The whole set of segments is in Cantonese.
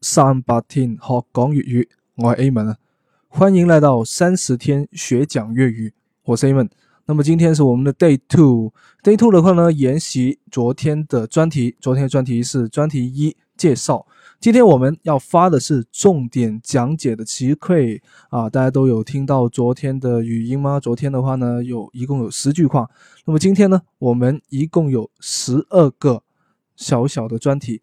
三十天學講粵語，我係 a m e n 啊，歡迎來到三十天學講粵語，我是 a m e n。那麼今天是我們的 day two，day two 的話呢，研習昨天的專題，昨天專題是專題一介紹，今天我們要發的是重點講解的詞彙啊，大家都有聽到昨天的語音嗎？昨天的話呢，有一共有十句話，那麼今天呢，我們一共有十二個小小的專題。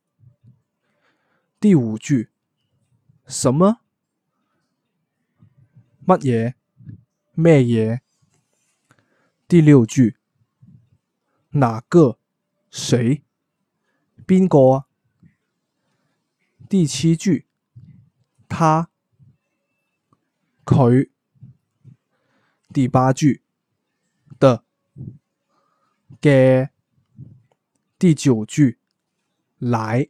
第五句，什麼？乜嘢？咩嘢？第六句，哪個？誰？邊個。第七句，他。佢。第八句，的。嘅。第九句，來。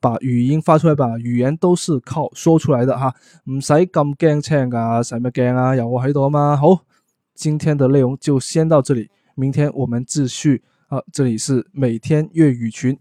把語音發出來吧，語言都是靠說出來的哈，唔使咁驚聽㗎，使乜驚啊？有、啊、我喺度啊嘛，好，今天的內容就先到這裏，明天我們繼續。啊、呃，這裏是每天粵語群。